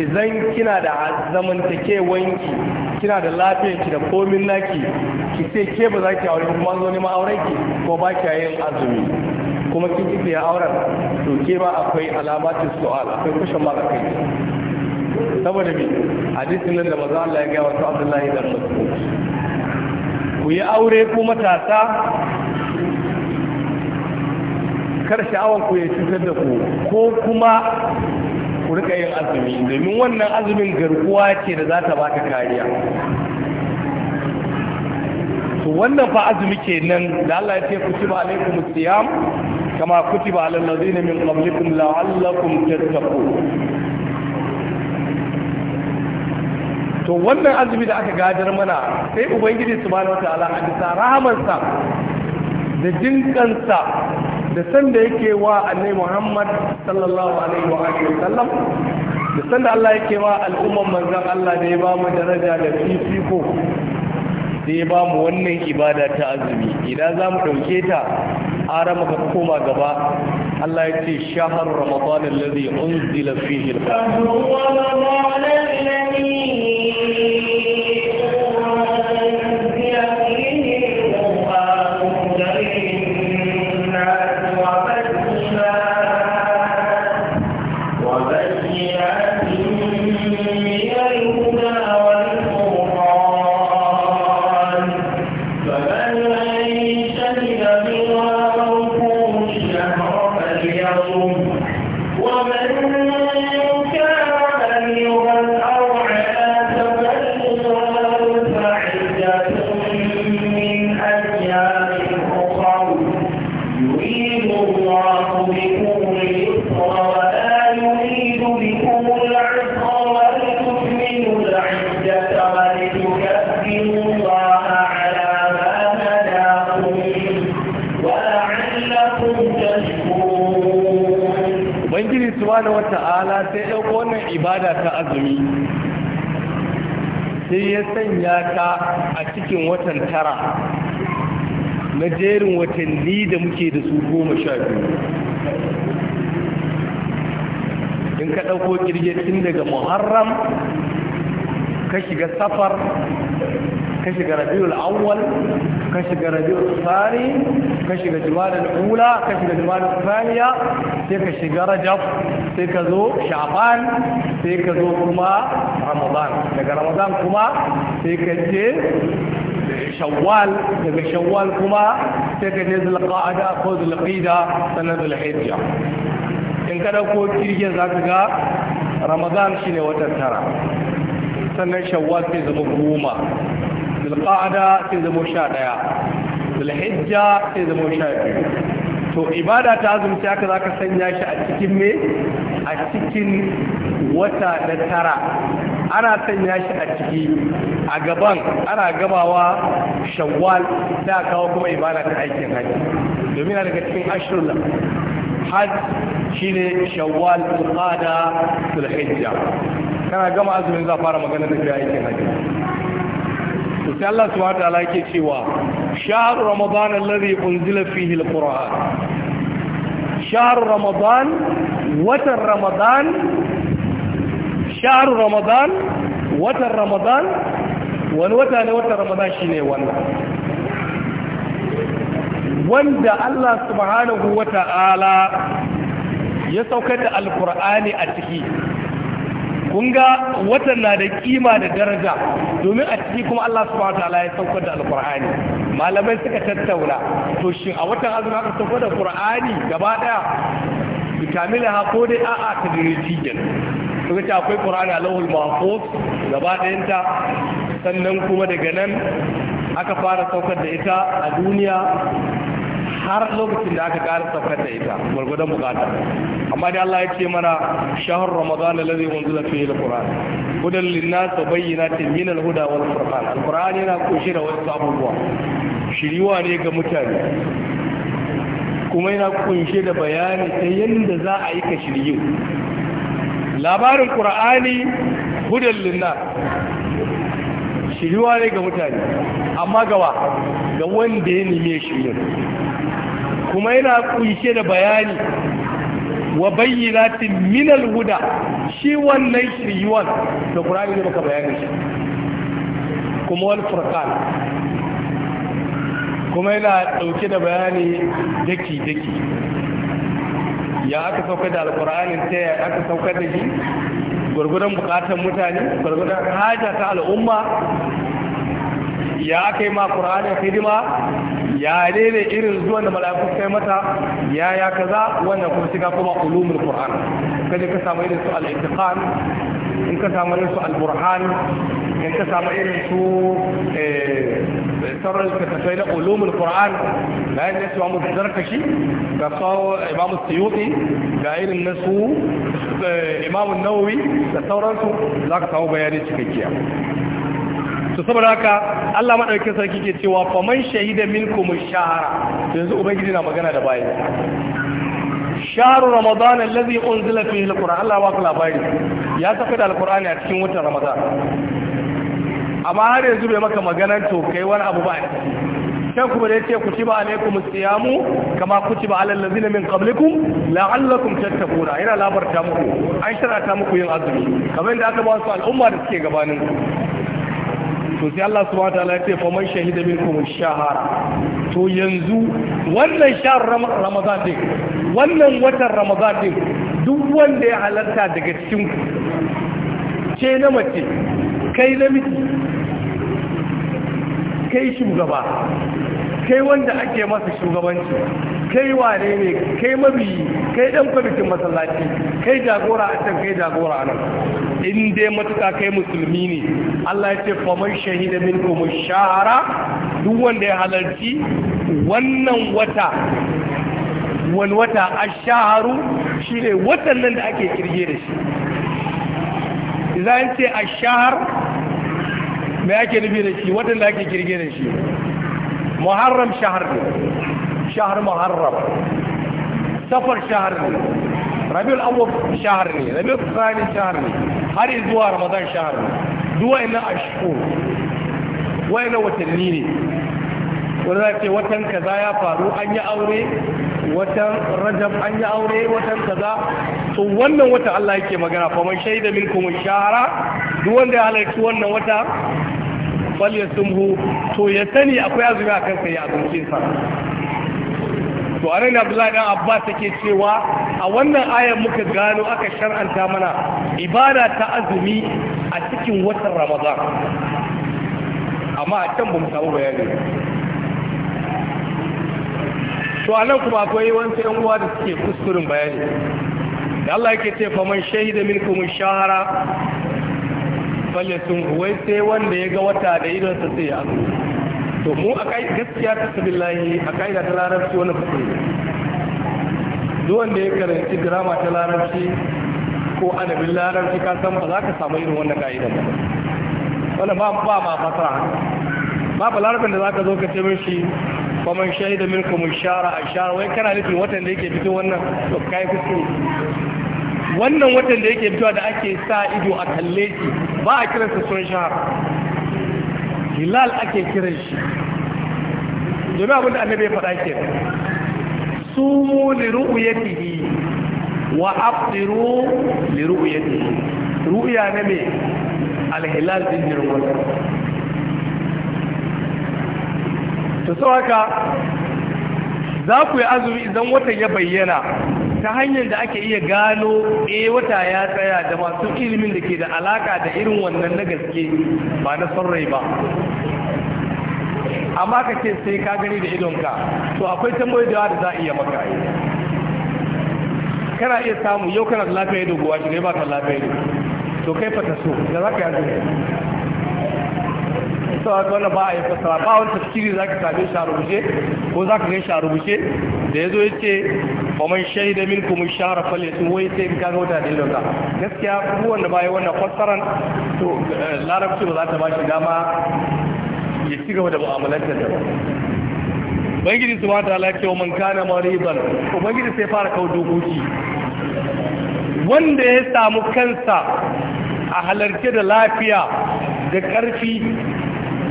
idan kina da wanki, kina da lafiyar ki da komin naki ki sai ke ba za ki aure kuma zo neman auren ki ko ba ki yin azumi kuma kin ki ya auren to ke ba akwai alamatin su'al akwai kushin ma kai saboda me hadisin nan da maza Allah ya ga wasu Abdullahi da Mas'ud ku yi aure ku matasa kar sha'awar ku ya cutar da ku ko kuma ku rika yin azumi domin wannan azumin garkuwa ce da za ta ba ta kariya to wannan fa azumi ke nan, da Allah ya ce ku ci ba alaikum siyam kama kutiba alal ladina min qablikum la'allakum tattaqun to wannan azumi da aka gadar mana sai ubangiji subhanahu wataala a bisa rahamarsa da jinkansa da sanda yake wa annabi Muhammad sallallahu alaihi wa alihi wasallam da sanda Allah yake wa al'umman manzan Allah da ya ba mu daraja da fifiko da ya ba mu wannan ibada ta azumi idan za mu ɗauke ta ara muka koma gaba Allah ya ce shahar ramadan alladhi unzila fihi al-qur'an ya sanya ta a cikin watan tara na jerin watanni da muke da su goma sha biyu in ka ɗauko ƙirge tun daga muharram ka shiga safar ka shiga rabiul awwal ka shiga rabiul thani ka shiga jumadal ula ka shiga jumadal thaniya sai ka shiga rajab sai ka zo sha'ban sai ka zo kuma ramadan daga ramadan kuma sai ka je shawwal daga shawwal kuma sai ka je zulqa'ada ko zulqida sannan zulhijja in ka ko kirgin ka ga ramadan shine watan tara sannan shawwal sai zama goma zulqa'ada sai zama sha daya zulhijja sai zama sha biyu to ibada ta azumci haka ka sanya shi a cikin me a cikin wata na tara ana sanya shi a ciki a gaban ana gabawa shawwal da kawo kuma ibada ta aikin haji domin na daga cikin ashirin hajj shine shawwal qada zulhijja kana gama azumin za fara magana da kai aikin haji to sai Allah subhanahu wa Ala yake cewa shahr ramadan alladhi unzila fihi quran shahar ramadan watan ramadan sha'ar ramadan watan ramadan wani wata ne watan ramadan shi ne wannan wanda Allah subhanahu wa ta'ala ya saukar da alkur'ani a ciki kun ga watan na da kima da daraja domin a ciki kuma Allah subhanahu wa ta'ala ya saukar da alkur'ani malamai suka tattauna to shi a watan azumi aka saukar da qur'ani gaba daya bikamila ha ko dai a'a ta tadrijiyan sun ce akwai qur'ani a lawul mahfuz gaba ɗayanta sannan kuma daga nan aka fara saukar da ita a duniya har lokacin da aka ƙara saukar da ita gwargwadon bukata amma dai Allah ya ce mana shahar ramadan alladhi unzila fihi alquran hudan ta bayyana ta min alhuda wani furqan alquran yana kunshe da wasu abubuwa shiriwa ne ga mutane kuma yana kunshe da bayani ta yadda za a yi ka shiryu labarin ƙura'ani hudun linnar, shiriwa ne ga mutane amma gawa ga wanda ya nime shirin kuma yana kunshe da bayani wa bayyanatin minal huda shi wannan shiriwan da ƙura'ani da baka bayanin shi kuma wani furkan kuma yana ɗauke da bayani daki-daki ya aka saukar da alƙur'anin ta ya aka saukar da shi gwargwadon bukatar mutane gwargwadon haja ta al'umma ya aka yi ma kur'anin hidima ya daidai irin zuwan da mala'iku kai mata ya ya kaza wannan kuma shiga kuma ulumul qur'an kaje ka samu irin su al-intiqan in ka samu irin su al-burhan in ka samu irin su eh, sauran littattafai na ulumul qur'an da irin su imamu zarkashi da sau imamu suyuti da irin na su eh, imamu nawawi da sauransu za ka samu bayani cikakkiya to saboda haka Allah madaukakin sarki ke cewa faman shahida minkum shahara yanzu ubangiji na magana da bayan sharu ramadan allazi unzila fihi alquran Allah ya baka labari ya saka da alqurani a cikin watan ramadan amma har yanzu bai maka maganar to kai wani abu ba can kuma da yace kutiba alaikum siyamu kama ku kutiba alal ladzina min qablikum la'allakum tattaquna ina labarta muku an ta muku yin azumi kamar da aka ba su al'umma da suke gabanin to sai Allah subhanahu wataala ya ce fa man shahida minkum ash-shahara to yanzu wannan shahr ramadan din wannan watan ramadan din duk wanda ya halarta daga cikin ku ce na mace kai na namiji kai shugaba kai wanda ake masa shugabanci kai wane ne kai mabiyi kai dan kwamitin masallaci kai jagora a can kai jagora a nan in dai matuka kai musulmi ne Allah ya ce faman shahida kuma shahara duk wanda ya halarci wannan wata wani wata ashaharu shine watan nan da ake kirge da shi idan ce ashahar me ake nufi da shi watan da ake kirge da shi muharram shahar ne shahar muharram safar shahar ne rabiul awwal shahar ne rabiul thani shahar ne har zuwa ramadan shahar ne duwa ina ashku wai na watanni ne wanda ce watan kaza ya faru an yi aure watan rajab an yi aure watan kaza to wannan wata Allah yake magana fa man shaida minkum shahara duk wanda ya halarci wannan wata bal ya sumhu to ya sani akwai azumi a kansa ya azumin sa to a nan abdullahi abba abbas yake cewa a wannan ayar muka gano aka shar'anta mana ibada ta azumi a cikin watan ramadan amma a can bamu samu bayani to a nan kuma akwai wancan yan uwa da suke kuskurin bayani da Allah yake ce faman shahida minkum shahara falyatun wai sai wanda ya ga wata da sa sai ya azu to mu a kai gaskiya ta sabillahi a kai da ta larabci wani fasiri duk wanda ya karanci drama ta larabci ko adabin larabci ka san ba za ka samu irin wannan ka'idan ba wannan ba ba ma fasara ba ba larabin da za ka zo ka ce shi ba man shahida a shara wai kana nufin watan da yake fito wannan to kai kuskure wannan watan da yake fitowa da ake sa ido a kalle shi ba a kiransa sun shahara hilal ake kiran shi domin abinda annabi ya faɗa ke su mu li ru'yatihi wa afdiru li ru'yatihi ru'ya na mai alhilal din jirgin ta sau za ku yi azumi idan watan ya bayyana ta hanyar da ake iya gano e wata ya tsaya da masu ilimin da ke da alaka da irin wannan na gaske ba na son rai ba amma ka ce sai ka gani da idonka to akwai tambayoyi da za a iya maka kana iya samu yau kana da lafiya ido guwa shi ne ba ka lafiya ido to kai fata so da za ka yi fassara ta wannan ba a yi fassara ba wani tafsiri za ka same shi a rubuce ko za ka gan shi a rubuce da ya zo ya ce wa man shahida min kuma shahara falle sun wai sai in kaga wata da ilauta gaskiya kowanne ba ya wannan fassaran to eh, larabci ba za ta ba shi dama ya ci gaba da mu'amalantar da ubangiji su mata lafiya wa man kana mariban ubangiji sai fara kawo dokoki wanda ya samu kansa a halarce da lafiya da ƙarfi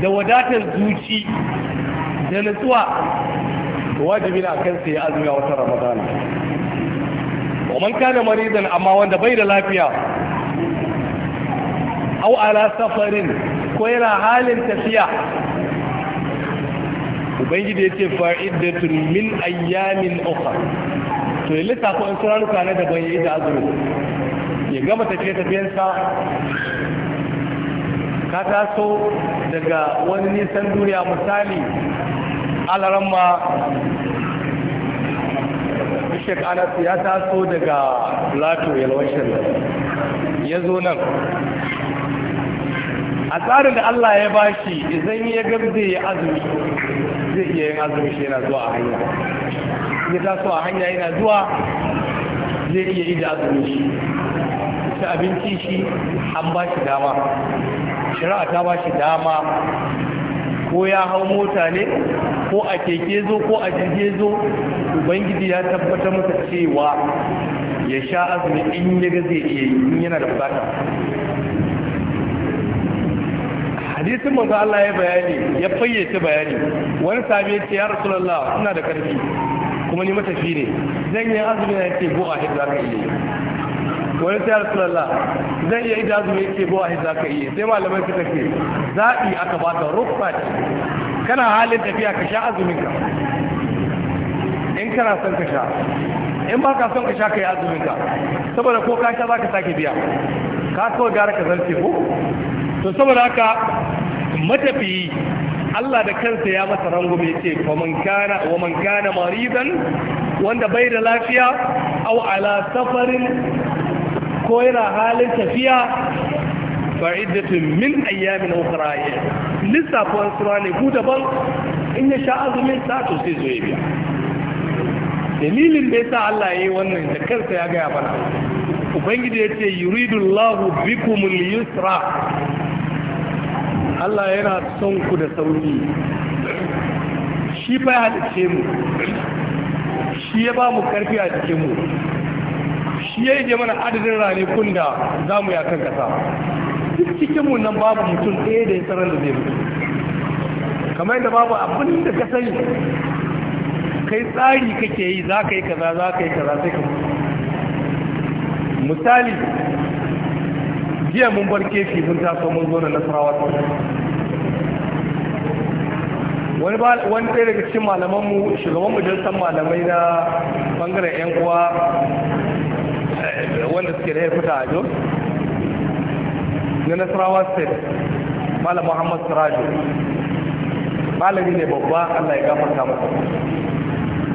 da wadatar zuci da nutsuwa wajibi na kansa ya azumi a watan ramadana wa man kana maridan amma wanda bai da lafiya au ala safarin ko yana halin tafiya ubangiji ya ce fa'idatun min ayyamin ukhra to ya lissafa in sun ranuka na daban ya yi da azumi ya gama tafiye-tafiyensa ka taso daga wani nisan duniya misali alaramma Sheikh Anas ya taso daga Plato Yalwashin ya zo nan a tsarin da Allah ya bashi izan ya gabze ya azumi zai iya yin azumi shi yana zuwa a hanya ya taso a hanya yana zuwa zai iya ida azumi shi ta abinci shi an ba shi dama shari'a ta ba shi dama ko ya hau mota ne ko a keke zo ko a jirge zo ubangiji ya tabbatar masa cewa ya sha azumi in ya ga zai iya yi in yana da bukata hadisin manzo Allah ya bayani ya fayyace bayani wani sahabi ce ya rasulullah ina da karfi kuma ni matafi ne zan yi azumi na ce go a hidda ka iya wani ta rasulallah zai iya ita azumi yake buwa shi za ka iya sai malamai suka ce zaɓi aka ba ta rufa ce kana halin tafiya ka sha azumin ka in kana son ka sha in ba ka son ka sha ka yi azumin ka saboda ko ka sha za ka sake biya ka kawai gara ka zarce ko to saboda haka matafiyi Allah da kansa ya masa rangume ce wa man kana maridan wanda bai da lafiya au ala safarin ko yana halin tafiya fa'idatun min ayyamin ukhra ya lissafa ne ranaku daban in ya sha azumin sa to sai zo ya biya dalilin da yasa Allah ya yi wannan da kansa ya gaya mana ubangiji ya yace yuridullahu bikumul yusra Allah yana son ku da sauki shi fa ya halice mu shi ya ba mu karfi a cikin mu shi ya je mana adadin ranakun da za mu kan kasa duk cikinmu nan babu mutum ɗaya da ya tsaron da zai mutu kamar yadda babu abin da ka sani kai tsari kake yi za ka yi kaza za ka yi kaza sai ka mutu misali jiya mun bar kefi mun taso mun zo na nasarawa ta wani ɗaya daga cikin malamanmu shugaban majalisar malamai na bangaren 'yan uwa wanda suke da fita a jos na nasarawa state malam muhammad sirajo malami ne babba allah ya gafarta masa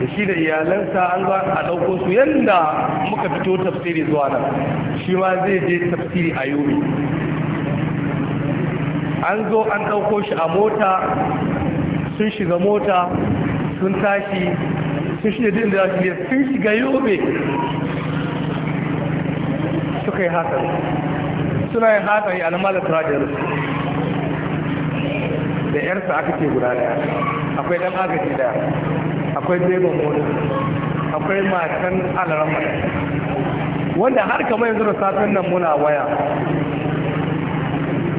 da shi da iyalansa an za a ɗauko su yadda muka fito tafsiri zuwa nan shi ma zai je tafsiri a yomi an zo an ɗauko shi a mota sun shiga mota sun tashi sun shiga duk da shi sun shiga yobe suka yi hatsari suna yin hatsari alama da trajar da yarsa aka ce guda daya akwai dan agaji daya akwai beban wani akwai matan alarama wanda har kamar yanzu da safen nan muna waya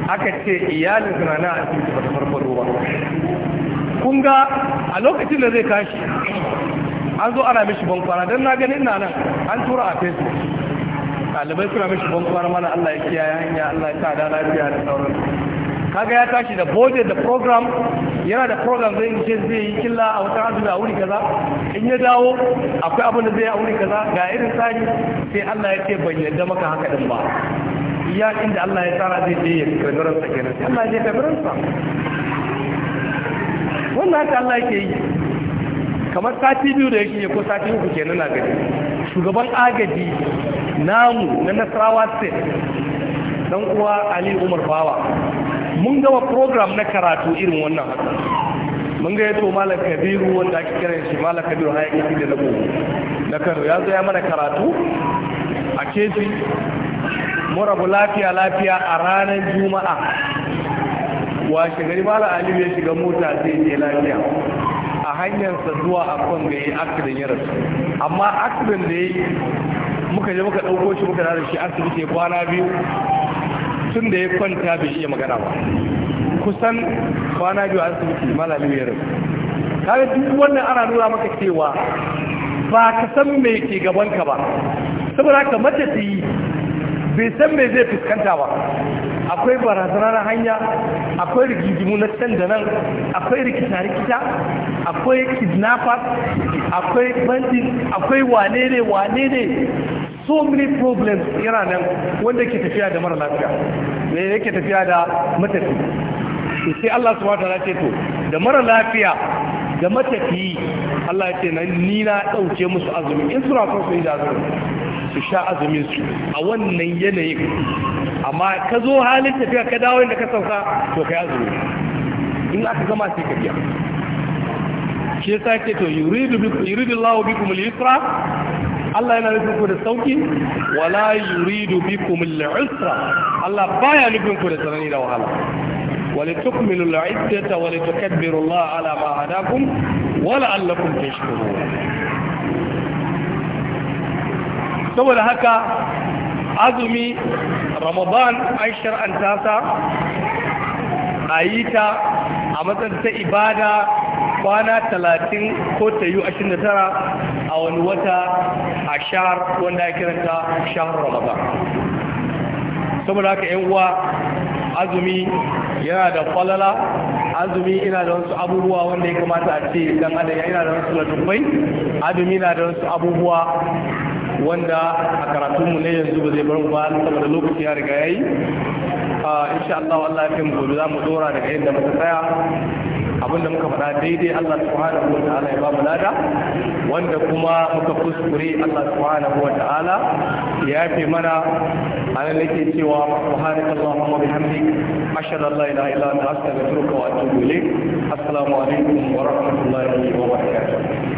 aka ce iyalin suna na asibiti ba ta farko ruwa kun ga a lokacin da zai kashi an zo ana mishi bankwana don na ganin na nan an tura a facebook ɗalibai suna mishi bankwar mana Allah ya kiyaye hanya Allah ya kada lafiya da sauran kaga ya tashi da budget da program yana da program zai yi zai yi killa a wata azumi a wuri kaza in ya dawo akwai abin da zai yi a wuri kaza ga irin tsari sai Allah ya ce ban yadda maka haka din ba iya inda Allah ya tsara zai je ya karbi sa. kenan Allah ya je karbi wannan haka Allah yake yi kamar sati biyu da yake ko sati uku kenan na gani shugaban agaji namu na nasarawa state dan uwa ali umar bawa mun gama program na karatu irin wannan haka mun ga yato malam kabiru wanda ake kiran shi malam kabiru hayaki da na gobe na karo ya zo ya mana karatu a kefi murabu lafiya lafiya a ranar juma'a Wa gari malam aliyu ya shiga mota sai je lafiya a hanyarsa zuwa da ya yi ya rasu amma akirin da ya yi muka je muka ɗauko shi muka da shi asibiti ya kwana biyu tun da ya kwanta bai iya magana ba kusan kwana biyu asibiti malami ya rasu kaga duk wannan ana nuna maka cewa ba ka san me ke gabanka ba saboda haka matafiyi bai san me zai fuskanta ba akwai barazanar hanya akwai rigingimu na can da nan akwai rikita-rikita akwai kidnappers akwai bandit akwai wane ne wane ne so many problems yana nan wanda ke tafiya da mara lafiya ne yake tafiya da matafi sai Allah subhanahu wa ta'ala ce to da mara lafiya da matafi Allah ya ce nan ni na dauke musu azumi in suna so su yi da azumi su sha azumin su a wannan yanayin amma ka zo halin tafiya ka dawo inda ka sauka to ka azumi in aka gama sai ka biya shi yasa yake to yuridu yuridullahu bi kuma yusra Allah yana nufin ku da sauki wala yuridu bi kuma usra Allah baya nufin ku da tsanani da wahala Wale ولتكملوا العدة ولتكبروا الله على ما هداكم ولعلكم تشكرون saboda haka azumi ramadan an shar'anta ta a yi ta a matsayin ta ibada kwana talatin ko ta yi ashirin da tara a wani wata a shahar wanda ya kiranta shahar ramadan saboda haka yan uwa azumi yana da kwalala azumi ina da wasu abubuwa wanda ya kamata a ce dan adam yana da wasu ladubbai azumi na da wasu abubuwa wanda a karatunmu ne yanzu ba zai bar ba saboda lokaci ya riga ya yi, a ah, insha Allah Allah ya kai mu gobe za mu dora daga yadda muka tsaya abinda muka faɗa daidai Allah subhanahu wa ta'ala ya ba mu lada wanda kuma muka kuskure Allah subhanahu wa ta'ala ya fi mana ana nake cewa subhanaka allahumma bihamdik ashhadu an la ilaha illa anta astaghfiruka wa atubu ilayk assalamu alaikum wa rahmatullahi wa barakatuh